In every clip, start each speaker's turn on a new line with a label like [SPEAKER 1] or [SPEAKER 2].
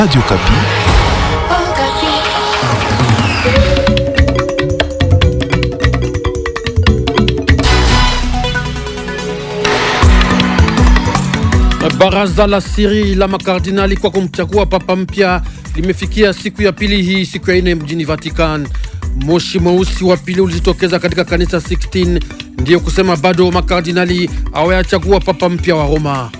[SPEAKER 1] Radio Kapi.
[SPEAKER 2] Baraza la siri la makardinali kwa kumchagua papa mpya limefikia siku ya pili hii, siku ya ine mjini Vatican. Moshi mweusi wa pili ulijitokeza katika kanisa 16 ndiyo kusema bado makardinali hawayachagua papa mpya wa Roma.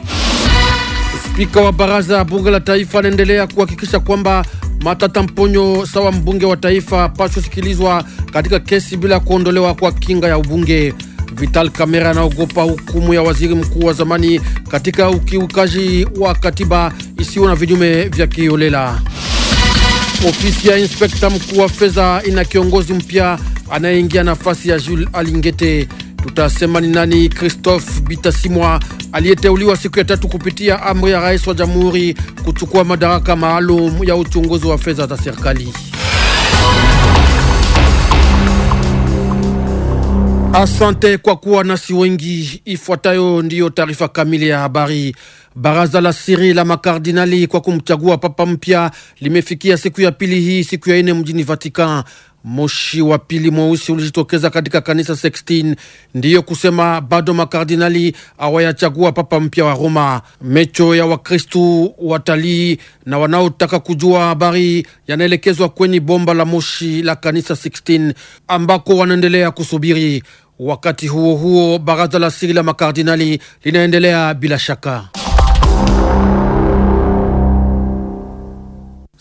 [SPEAKER 2] Spika wa baraza ya bunge la taifa anaendelea kuhakikisha kwamba Matata Mponyo sawa mbunge wa taifa pasho sikilizwa katika kesi bila kuondolewa kwa kinga ya ubunge. Vital Kamera anaogopa hukumu ya waziri mkuu wa zamani katika ukiukaji wa katiba isiyo na vinyume vya kiolela. Ofisi ya inspekta mkuu wa fedha ina kiongozi mpya anayeingia nafasi ya Jules Alingete. Tutasema ni nani Christophe Bitasimwa aliyeteuliwa siku ya tatu kupitia amri ya rais wa jamhuri kuchukua madaraka maalum ya uchunguzi wa fedha za serikali. Asante kwa kuwa nasi wengi. Ifuatayo ndiyo taarifa kamili ya habari. Baraza la siri la makardinali kwa kumchagua papa mpya limefikia siku ya pili hii, siku ya ine mjini Vatican. Moshi wa pili mweusi ulijitokeza katika kanisa 16 ndiyo kusema bado makardinali awayachagua papa mpya wa Roma. mecho ya Wakristu, watalii na wanaotaka kujua habari yanaelekezwa kwenye bomba la moshi la kanisa Sextin ambako wanaendelea kusubiri. Wakati huo huo, baraza la siri la makardinali linaendelea bila shaka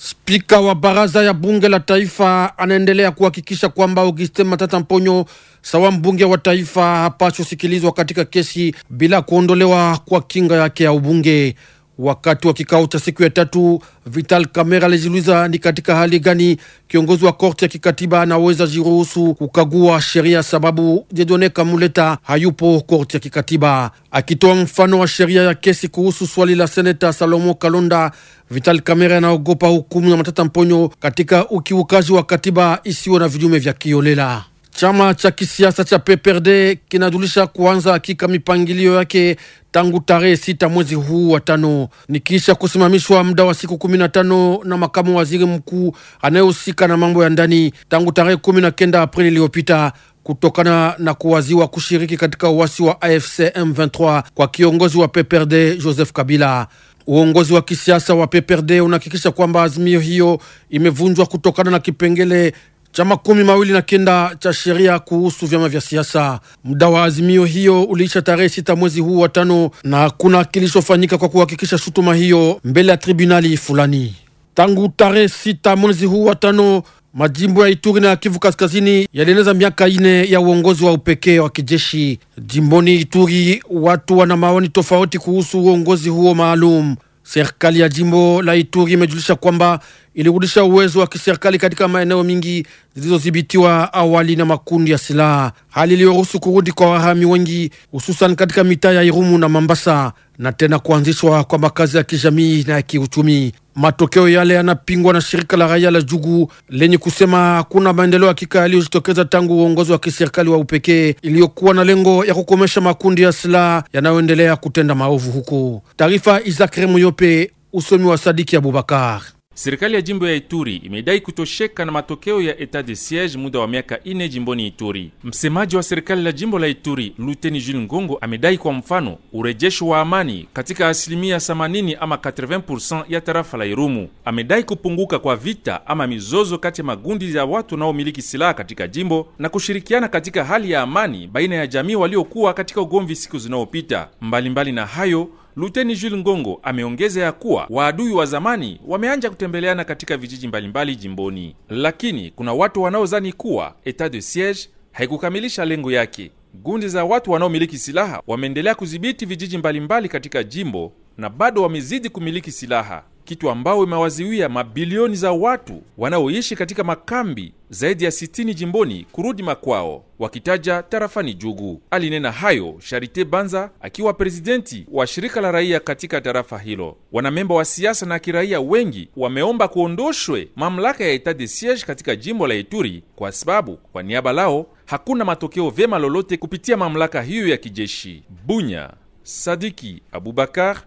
[SPEAKER 2] Spika wa baraza ya bunge la taifa anaendelea kuhakikisha kwamba Augustin Matata Mponyo sawa mbunge wa taifa hapaswi sikilizwa katika kesi bila kuondolewa kwa kinga yake ya ubunge. Wakati wa kikao cha siku ya tatu, Vital camera alijiuliza ni katika hali gani kiongozi wa korti ya kikatiba anaweza jiruhusu kukagua sheria, sababu Jedone Kamuleta hayupo korti ya kikatiba. Akitoa mfano wa sheria ya kesi kuhusu swali la seneta Salomo Kalonda, Vital camera anaogopa hukumu ya Matata Mponyo katika ukiukaji wa katiba isiyo na vinyume vya kiolela. Chama cha kisiasa cha PPRD kinajulisha kuanza hakika mipangilio yake tangu tarehe sita mwezi huu wa tano, nikiisha kusimamishwa muda wa siku kumi na tano na makamu waziri mkuu anayehusika na mambo ya ndani tangu tarehe kumi na kenda Aprili iliyopita kutokana na kuwaziwa kushiriki katika uasi wa AFC M23 kwa kiongozi wa PPRD Joseph Kabila. Uongozi wa kisiasa wa PPRD unahakikisha kwamba azimio hiyo imevunjwa kutokana na kipengele cha makumi mawili na kenda cha sheria kuhusu vyama vya siasa. Muda wa azimio hiyo uliisha tarehe sita mwezi huu wa tano, na hakuna kilichofanyika kwa kuhakikisha shutuma hiyo mbele ya tribunali fulani. Tangu tarehe sita mwezi huu wa tano, majimbo ya Ituri na ya Kivu Kaskazini yalieneza miaka ine ya uongozi wa upekee wa kijeshi. Jimboni Ituri, watu wana maoni tofauti kuhusu uongozi huo maalum. Serikali ya jimbo la Ituri imejulisha kwamba ilirudisha uwezo wa kiserikali katika maeneo mingi zilizodhibitiwa awali na makundi ya silaha, hali iliyoruhusu kurudi kwa wahami wengi, hususan katika mitaa ya Irumu na Mambasa na tena kuanzishwa kwa makazi ya kijamii na ya kiuchumi. Matokeo yale yanapingwa na shirika la raia la Jugu lenye kusema hakuna maendeleo hakika yaliyojitokeza tangu uongozi wa kiserikali wa upekee iliyokuwa na lengo ya kukomesha makundi ya silaha yanayoendelea kutenda maovu huko. Taarifa Isaac Remuyope, usomi wa Sadiki Abubakar.
[SPEAKER 3] Serikali ya jimbo ya Ituri imedai kutosheka na matokeo ya etat de siege muda wa miaka ine jimboni Ituri. Msemaji wa serikali la jimbo la Ituri Luteni Jules Ngongo amedai kwa mfano urejesho wa amani katika asilimia 80 ama 80% ya tarafa la Irumu. Amedai kupunguka kwa vita ama mizozo kati ya magundi ya watu wanaomiliki silaha katika jimbo na kushirikiana katika hali ya amani baina ya jamii waliokuwa katika ugomvi siku zinaopita Mbalimbali na hayo Luteni Jules Ngongo ameongeza ya kuwa waadui wa zamani wameanja kutembeleana katika vijiji mbalimbali jimboni, lakini kuna watu wanaozani kuwa etat de siege haikukamilisha lengo yake. Gundi za watu wanaomiliki silaha wameendelea kudhibiti vijiji mbalimbali katika jimbo na bado wamezidi kumiliki silaha kitu ambao imewaziwia mabilioni za watu wanaoishi katika makambi zaidi ya 60 jimboni kurudi makwao wakitaja tarafani Jugu. Alinena hayo Sharite Banza akiwa prezidenti wa shirika la raia katika tarafa hilo. Wanamemba wa siasa na kiraia wengi wameomba kuondoshwe mamlaka ya etat de siege katika jimbo la Ituri kwa sababu kwa niaba lao hakuna matokeo vyema lolote kupitia mamlaka hiyo ya kijeshi. Bunya, Sadiki Abubakar,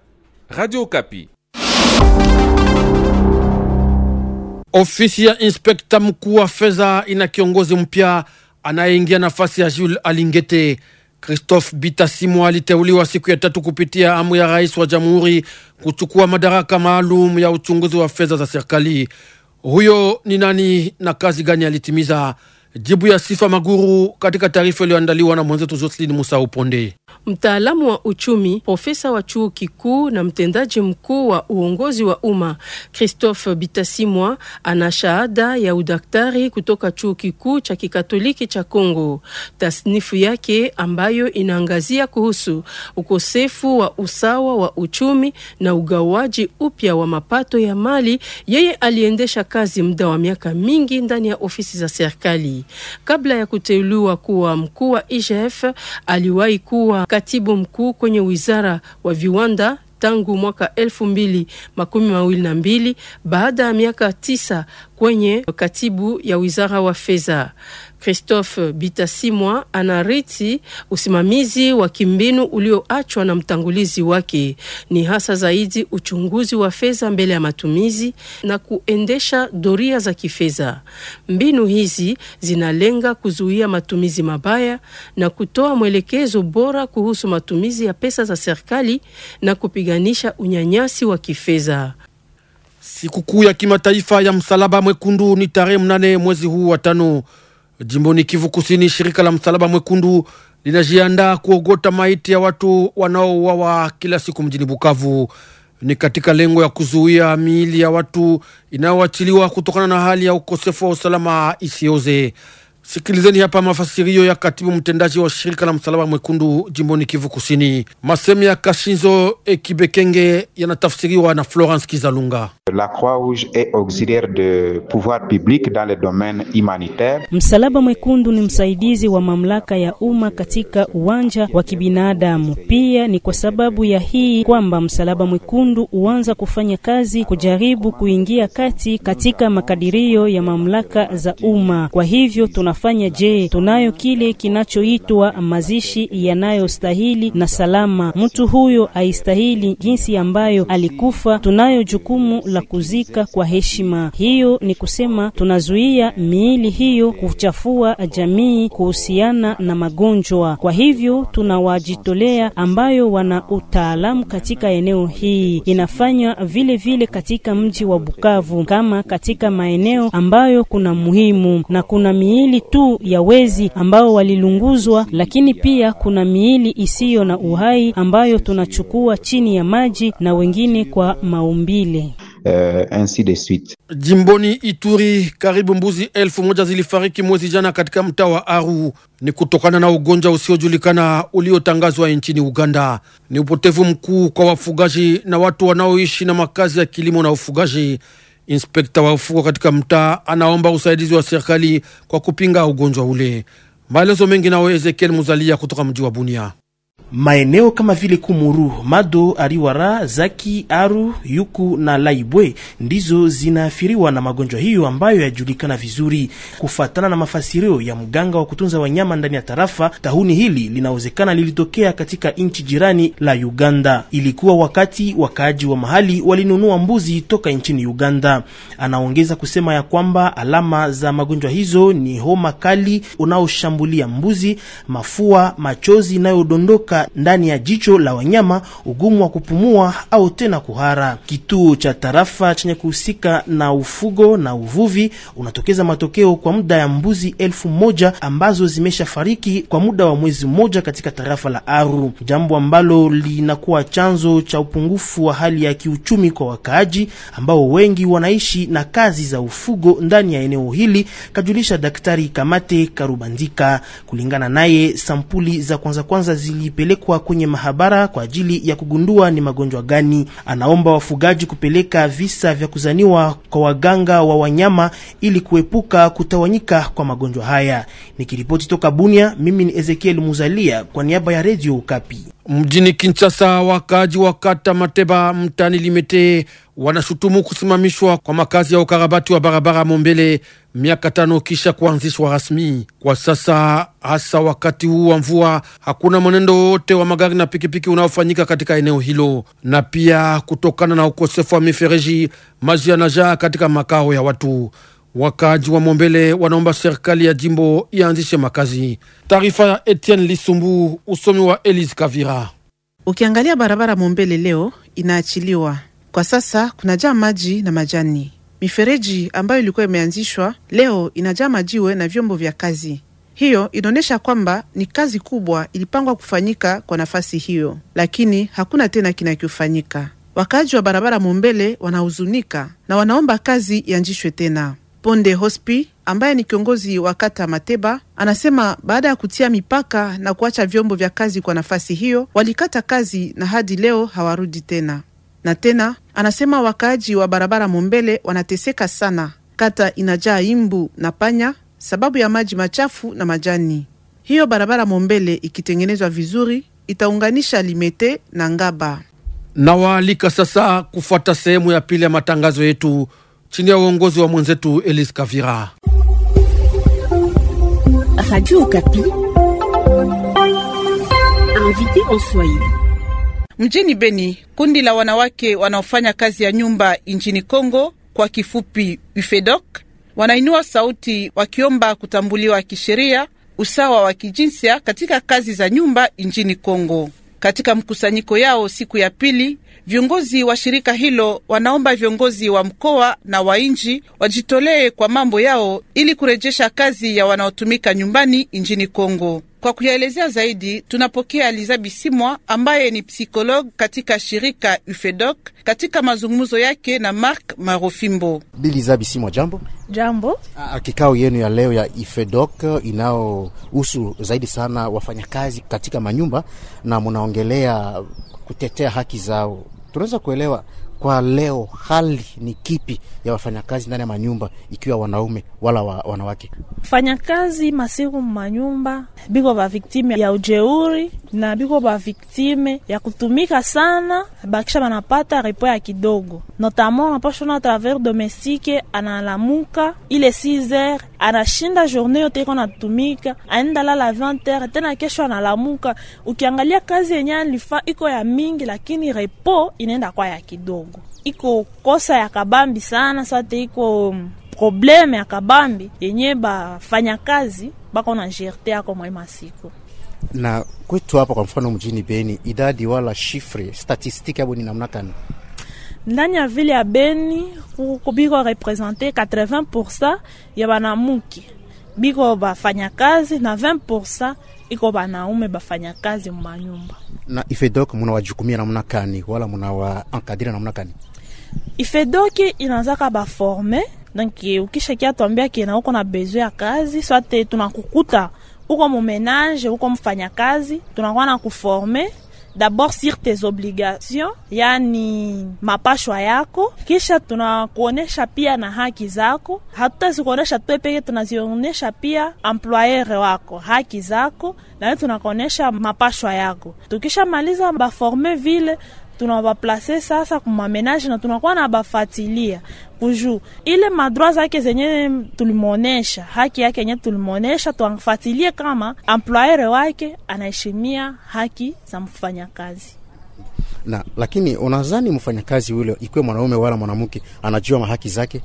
[SPEAKER 3] Radio Kapi.
[SPEAKER 2] Ofisi ya inspekta mkuu wa fedha ina kiongozi mpya anayeingia nafasi ya Jules Alingete. Christophe Bitasimo aliteuliwa siku ya tatu kupitia amri ya rais wa jamhuri kuchukua madaraka maalum ya uchunguzi wa fedha za serikali. Huyo ni nani na kazi gani alitimiza? Jibu ya Sifa Maguru katika taarifa iliyoandaliwa na mwenzetu Jocelyn Musa Uponde
[SPEAKER 4] mtaalamu wa uchumi, profesa wa chuo kikuu na mtendaji mkuu wa uongozi wa umma. Christophe Bitasimwa ana shahada ya udaktari kutoka chuo kikuu cha kikatoliki cha congo Tasnifu yake ambayo inaangazia kuhusu ukosefu wa usawa wa uchumi na ugawaji upya wa mapato ya mali. Yeye aliendesha kazi muda wa miaka mingi ndani ya ofisi za serikali kabla ya kuteuliwa kuwa mkuu wa IGF. Aliwahi kuwa katibu mkuu kwenye wizara wa viwanda tangu mwaka elfu mbili makumi mawili na mbili baada ya miaka tisa kwenye katibu ya wizara wa fedha. Christophe Bitasimwa anariti usimamizi wa kimbinu ulioachwa na mtangulizi wake, ni hasa zaidi uchunguzi wa fedha mbele ya matumizi na kuendesha doria za kifedha. Mbinu hizi zinalenga kuzuia matumizi mabaya na kutoa mwelekezo bora kuhusu matumizi ya pesa za serikali na kupiganisha unyanyasi wa kifedha. Sikukuu
[SPEAKER 2] ya kimataifa ya Msalaba Mwekundu ni tarehe mnane mwezi huu wa tano. Jimboni Kivu Kusini, shirika la Msalaba Mwekundu linajiandaa kuogota maiti ya watu wanaouawa kila siku mjini Bukavu. Ni katika lengo ya kuzuia miili ya watu inayoachiliwa kutokana na hali ya ukosefu wa usalama isioze. Sikilizeni hapa mafasirio ya katibu mtendaji wa shirika la msalaba mwekundu jimboni Kivu Kusini. Masemi ya Kashinzo Ekibekenge yanatafsiriwa na Florence Kizalunga.
[SPEAKER 3] La Croix-Rouge est auxiliaire de pouvoir public dans le domaine humanitaire.
[SPEAKER 5] Msalaba mwekundu ni msaidizi wa mamlaka ya umma katika uwanja wa kibinadamu. Pia ni kwa sababu ya hii kwamba msalaba mwekundu huanza kufanya kazi kujaribu kuingia kati katika makadirio ya mamlaka za umma. Kwa hivyo tuna tunafanya je? Tunayo kile kinachoitwa mazishi yanayostahili na salama. Mtu huyo aistahili jinsi ambayo alikufa. Tunayo jukumu la kuzika kwa heshima. Hiyo ni kusema tunazuia miili hiyo kuchafua jamii kuhusiana na magonjwa. Kwa hivyo tunawajitolea ambayo wana utaalamu katika eneo hii, inafanywa vile vile katika mji wa Bukavu kama katika maeneo ambayo kuna muhimu na kuna miili tu ya wezi ambao walilunguzwa, lakini pia kuna miili isiyo na uhai ambayo tunachukua chini ya maji na wengine kwa maumbile.
[SPEAKER 6] Uh, ainsi de suite. Jimboni
[SPEAKER 2] Ituri karibu mbuzi elfu moja zilifariki mwezi jana katika mtaa wa Aru, ni kutokana na ugonjwa usiojulikana uliotangazwa nchini Uganda. Ni upotevu mkuu kwa wafugaji na watu wanaoishi na makazi ya kilimo na ufugaji. Inspekta wa ufuko katika mtaa anaomba usaidizi wa serikali kwa kupinga ugonjwa ule. Maelezo mengi nawe Ezekiel Muzalia kutoka mji wa Bunia.
[SPEAKER 1] Maeneo kama vile Kumuru, Mado, Ariwara, Zaki, Aru, Yuku na Laibwe ndizo zinaathiriwa na magonjwa hiyo ambayo yajulikana vizuri. Kufatana na mafasirio ya mganga wa kutunza wanyama ndani ya tarafa, tahuni hili linawezekana lilitokea katika nchi jirani la Uganda. Ilikuwa wakati wakaaji wa mahali walinunua mbuzi toka nchini Uganda. Anaongeza kusema ya kwamba alama za magonjwa hizo ni homa kali unaoshambulia mbuzi, mafua, machozi inayodondoka ndani ya jicho la wanyama, ugumu wa kupumua au tena kuhara. Kituo cha tarafa chenye kuhusika na ufugo na uvuvi unatokeza matokeo kwa muda ya mbuzi elfu moja ambazo zimeshafariki kwa muda wa mwezi mmoja katika tarafa la Aru, jambo ambalo linakuwa chanzo cha upungufu wa hali ya kiuchumi kwa wakaaji ambao wengi wanaishi na kazi za ufugo ndani ya eneo hili, kajulisha Daktari Kamate Karubandika. Kulingana naye, sampuli za kwanza kwanza zilipele kupelekwa kwenye mahabara kwa ajili ya kugundua ni magonjwa gani. Anaomba wafugaji kupeleka visa vya kuzaniwa kwa waganga wa wanyama ili kuepuka kutawanyika kwa magonjwa haya. Nikiripoti toka Bunia, mimi ni Ezekiel Muzalia kwa niaba ya redio Ukapi. Mjini Kinshasa, wakaaji wa kata Mateba mtani Limete
[SPEAKER 2] wanashutumu kusimamishwa kwa makazi ya ukarabati wa barabara Mombele miaka tano kisha kuanzishwa rasmi. Kwa sasa, hasa wakati huu wa mvua, hakuna mwenendo wowote wa magari na pikipiki unaofanyika katika eneo hilo, na pia kutokana na ukosefu wa mifereji, maji yanajaa katika makao ya watu. Wakaaji wa Mombele wanaomba serikali ya jimbo ianzishe makazi. Taarifa ya Etienne Lisumbu, usomi wa Elise Kavira.
[SPEAKER 7] Ukiangalia barabara Mombele leo inaachiliwa kwa sasa kunajaa maji na majani. Mifereji ambayo ilikuwa imeanzishwa leo inajaa majiwe na vyombo vya kazi. Hiyo inaonyesha kwamba ni kazi kubwa ilipangwa kufanyika kwa nafasi hiyo, lakini hakuna tena kinachofanyika. Wakaaji wa barabara Mumbele wanahuzunika na wanaomba kazi ianzishwe tena. Ponde Hospi ambaye ni kiongozi wa kata Mateba anasema baada ya kutia mipaka na kuacha vyombo vya kazi kwa nafasi hiyo, walikata kazi na hadi leo hawarudi tena. Na tena anasema wakaaji wa barabara Mombele wanateseka sana, kata inajaa imbu na panya sababu ya maji machafu na majani. Hiyo barabara Mombele ikitengenezwa vizuri itaunganisha Limete na Ngaba.
[SPEAKER 2] Nawaalika sasa kufuata sehemu ya pili ya matangazo yetu chini ya uongozi wa mwenzetu Elise Kavira.
[SPEAKER 8] Radio Okapi
[SPEAKER 7] invité en Swahili. Mjini Beni, kundi la wanawake wanaofanya kazi ya nyumba nchini Kongo, kwa kifupi UFEDOC, wanainua sauti wakiomba kutambuliwa kisheria usawa wa kijinsia katika kazi za nyumba nchini Kongo. Katika mkusanyiko yao siku ya pili, viongozi wa shirika hilo wanaomba viongozi wa mkoa na wa nchi wajitolee kwa mambo yao ili kurejesha kazi ya wanaotumika nyumbani nchini Kongo. Kwa kuyaelezea zaidi, tunapokea liza Bisimwa ambaye ni psikolog katika shirika UFEDOC katika mazungumzo yake na Mark Marofimbo.
[SPEAKER 6] Biliza Bisimwa, jambo. Jambo. Ah, ah, kikao yenu ya leo ya IFEDOC eh, inaohusu zaidi sana wafanyakazi katika manyumba na munaongelea kutetea haki zao, tunaweza kuelewa kwa leo hali ni kipi ya wafanyakazi ndani ya manyumba, ikiwa wanaume wala wa, wanawake?
[SPEAKER 8] fanyakazi masiku manyumba biko vaviktime viktime ya ujeuri na biko vaviktime viktime ya kutumika sana, bakisha banapata repo ya kidogo, notamment napashona travers domestique analamuka ile 6 heures anashinda journe yote iko natumika, aenda lala 20h tena kesho analamuka. Ukiangalia kazi yenye alifa iko ya mingi, lakini repo inaenda kwa ya kidogo, iko kosa ya kabambi sana sate, iko probleme ya kabambi yenye bafanya kazi bako na jerte yako mwaima siku
[SPEAKER 6] na kwetu hapa, kwa mfano mjini Beni, idadi wala shifre statistiki abo ni namna gani?
[SPEAKER 8] ndani ya vile ya Beni biko represente 80% ya wanamuke biko bafanya kazi na 20% iko banaume bafanya kazi mumanyumba.
[SPEAKER 6] Na ifedok munawajukumia namna kani wala munawaankadira namna kani?
[SPEAKER 8] Ifedoki inaanzaka baforme donc ukisha kia tuambia kina uko na besoin ya kazi swate tunakukuta uko mumenage uko mfanya kazi tunakuwa na kuforme d'abord sur tes obligations, yani mapashwa yako, kisha tunakuonesha pia na haki zako. Hatutazikuonesha tu pekee, tunazionyesha pia employer wako haki zako, na tunakuonesha mapashwa yako. Tukishamaliza baforme vile tunabaplace sasa kumamenage na tunakuwa na bafatilia kujuu ile madroa zake zenye tulimuonesha, haki yake yenye tulimuonesha, tuamfatilie kama employere wake anaheshimia haki za mfanyakazi
[SPEAKER 6] na lakini unazani mfanyakazi ule ikiwe mwanaume wala mwanamke anajua mahaki zake?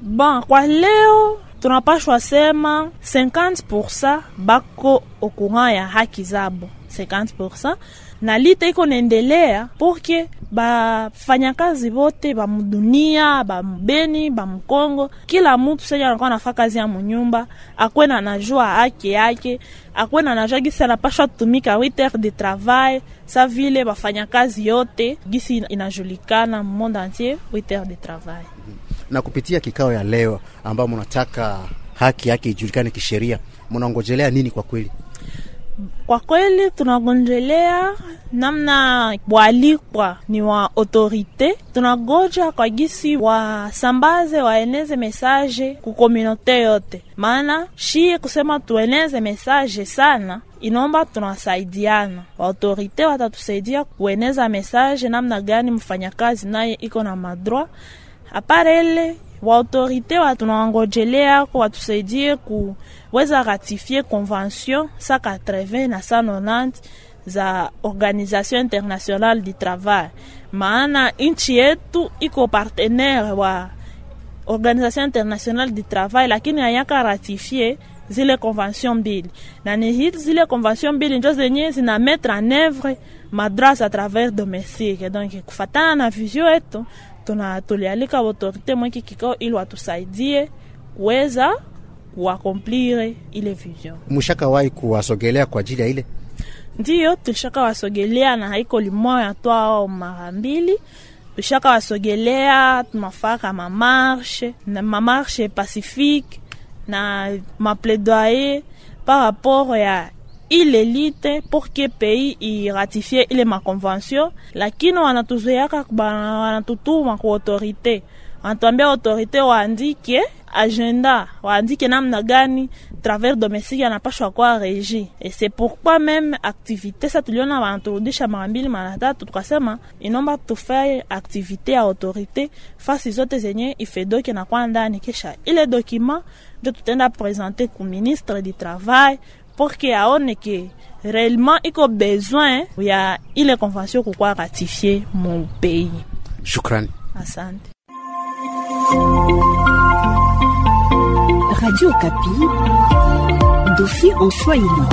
[SPEAKER 8] Ba, kwa leo tunapashwa sema 50% bako okungaya haki zabo 50% na lita iko naendelea porke bafanyakazi bote bamudunia bambeni bamkongo kila mutu senye anakuwa nafa kazi ya munyumba akwena najua ake yake na najua gisi anapashwa tumika witer de travail sa vile bafanyakazi yote gisi inajulikana monde entier witer de travail
[SPEAKER 6] na kupitia kikao ya leo ambayo munataka haki yake ijulikane kisheria munaongojelea nini kwa kweli
[SPEAKER 8] kwa kweli tunagonjelea namna bwalikwa ni wa autorite, tunagoja kwa gisi wasambaze waeneze mesaje kominote yote, maana shie kusema tueneze mesaje sana inomba tunasaidiana, waautorite watatusaidia kueneza mesaje namna gani mfanyakazi naye iko na madroit aparele waautorite watunawangojelea watusaidie kuweza ratifie convention sa na sa za Organisation Internationale du Travail, maana nchi yetu iko partenaire wa Organisation Internationale du Travail, lakini hayaka ratifie zile convention mbili, na ni hizi zile convention mbili njo zenye zina mettre en œuvre madras à travers domestique. Donc kufatana na vizio yetu tuna tulialika autorite mweki kikao ili watusaidie kuweza kuakomplire ile vision.
[SPEAKER 6] Mushakawahi kuwasogelea kwa ajili ya ile
[SPEAKER 8] ndiyo tulishaka wasogelea na haiko limoya twao mara mbili tulishaka wasogelea tumafaka mamarshe na mamarshe pacifique na mapledoyer par rapport ya Il est pour pays La ile lite toujours pei iratifie ile makonvensio, lakini wanatuzuiaka, wanatutuma ku autorite, wanatuambia autorite waandike agenda, waandike namna gani travers domestique anapashwa kwa régir. Et c'est pourquoi même activité sa tuliona wanaturudisha mara mbili mara tatu, tukasema inomba tufaye activité ya autorite fasi zote zenye ifedoki inakuwa ndani, kisha ile document ndio tutaenda présenté ku ministre du travail pour que aone ke réellement iko besoin ya ile convention kukuwa ratifier mon pays. Shukrani, asante.
[SPEAKER 7] Radio Kapi, dossier en Swahili.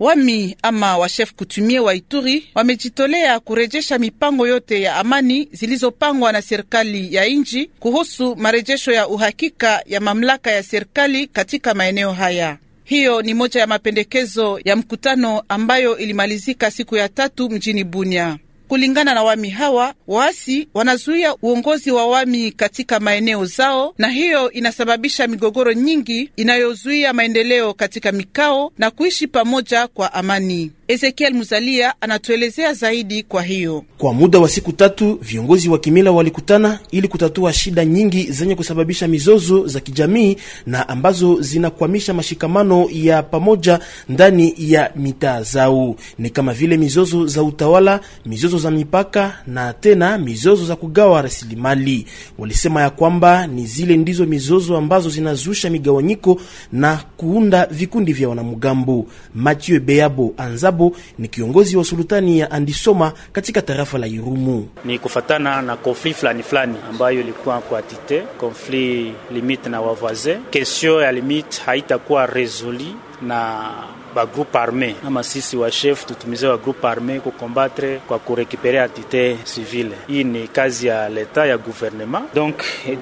[SPEAKER 7] Wami ama washef kutumie wa Ituri wamejitolea kurejesha mipango yote ya amani zilizopangwa na serikali ya nchi kuhusu marejesho ya uhakika ya mamlaka ya serikali katika maeneo haya. Hiyo ni moja ya mapendekezo ya mkutano ambayo ilimalizika siku ya tatu mjini Bunia. Kulingana na wami hawa, waasi wanazuia uongozi wa wami katika maeneo zao, na hiyo inasababisha migogoro nyingi inayozuia maendeleo katika mikao na kuishi pamoja kwa amani. Ezekiel Muzalia anatuelezea zaidi. Kwa hiyo
[SPEAKER 1] kwa muda wa siku tatu viongozi wa kimila walikutana ili kutatua shida nyingi zenye kusababisha mizozo za kijamii na ambazo zinakwamisha mashikamano ya pamoja ndani ya mitaa zao, ni kama vile mizozo za utawala, mizozo za mipaka na tena mizozo za kugawa rasilimali. Walisema ya kwamba ni zile ndizo mizozo ambazo zinazusha migawanyiko na kuunda vikundi vya wanamgambo. Mathieu Beabo Anzabo sababu ni kiongozi wa sultani ya Andisoma katika tarafa la Irumu. Ni kufatana na konfli fulani fulani ambayo ilikuwa kwa tite konfli limite na wavaze kestion ya limite haitakuwa resoli na ba groupe arme ama sisi wa chef tutumize wa groupe arme kukombatre kwa kurekipere atite civile. Hii ni kazi ya leta ya gouvernement, donc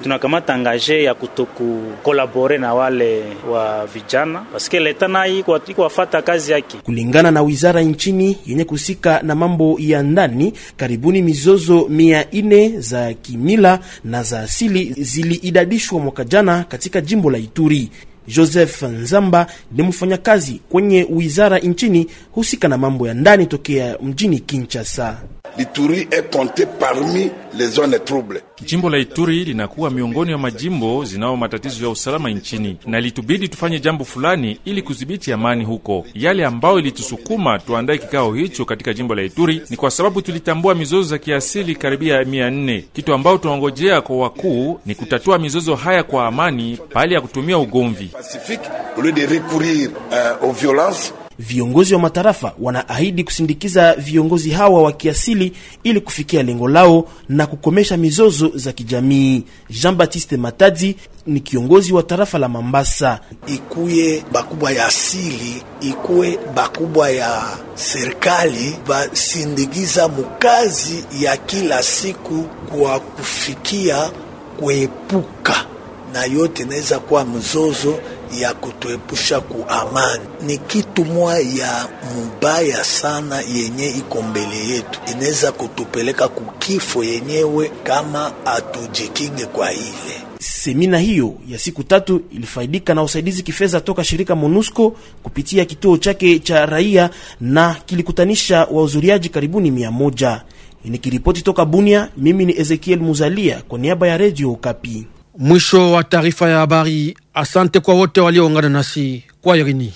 [SPEAKER 1] tunakamata angaje ya kutokukolabore na wale wa vijana paske leta nayi iko kazi yake kulingana na wizara nchini yenye kusika na mambo ya ndani. Karibuni mizozo mia ine za kimila na za asili ziliidadishwa mwaka jana katika jimbo la Ituri. Joseph Nzamba ni mfanyakazi kwenye wizara nchini husika na mambo ya ndani tokea mjini Kinshasa. Ituri est compte parmi les zones troubles
[SPEAKER 3] Jimbo la Ituri linakuwa miongoni mwa majimbo zinao matatizo ya usalama nchini, na litubidi tufanye jambo fulani ili kudhibiti amani huko. Yale ambayo ilitusukuma tuandae kikao hicho katika jimbo la Ituri ni kwa sababu tulitambua mizozo za kiasili karibia mia nne. Kitu ambayo tunaongojea kwa wakuu ni kutatua mizozo haya kwa amani, pahali ya kutumia ugomvi.
[SPEAKER 1] Viongozi wa matarafa wanaahidi kusindikiza viongozi hawa wa kiasili ili kufikia lengo lao na kukomesha mizozo za kijamii. Jean Baptiste Matadi ni kiongozi wa tarafa la Mambasa. Ikuye bakubwa ya asili, ikuwe bakubwa ya serikali basindikiza mukazi ya kila siku kwa kufikia kuepuka na yote inaweza kuwa mzozo ya kutuepusha ku amani ni kitu mwa ya mubaya sana yenye iko mbele yetu, inaweza kutupeleka kukifo yenyewe kama hatujikinge kwa ile Semina hiyo ya siku tatu ilifaidika na usaidizi kifedha toka shirika MONUSCO kupitia kituo chake cha raia na kilikutanisha wahudhuriaji karibuni mia moja. Nikiripoti toka Bunia, mimi ni Ezekiel Muzalia kwa niaba ya Radio Okapi.
[SPEAKER 2] Mwisho wa taarifa ya habari. Asante kwa wote walioungana nasi kwa Irini.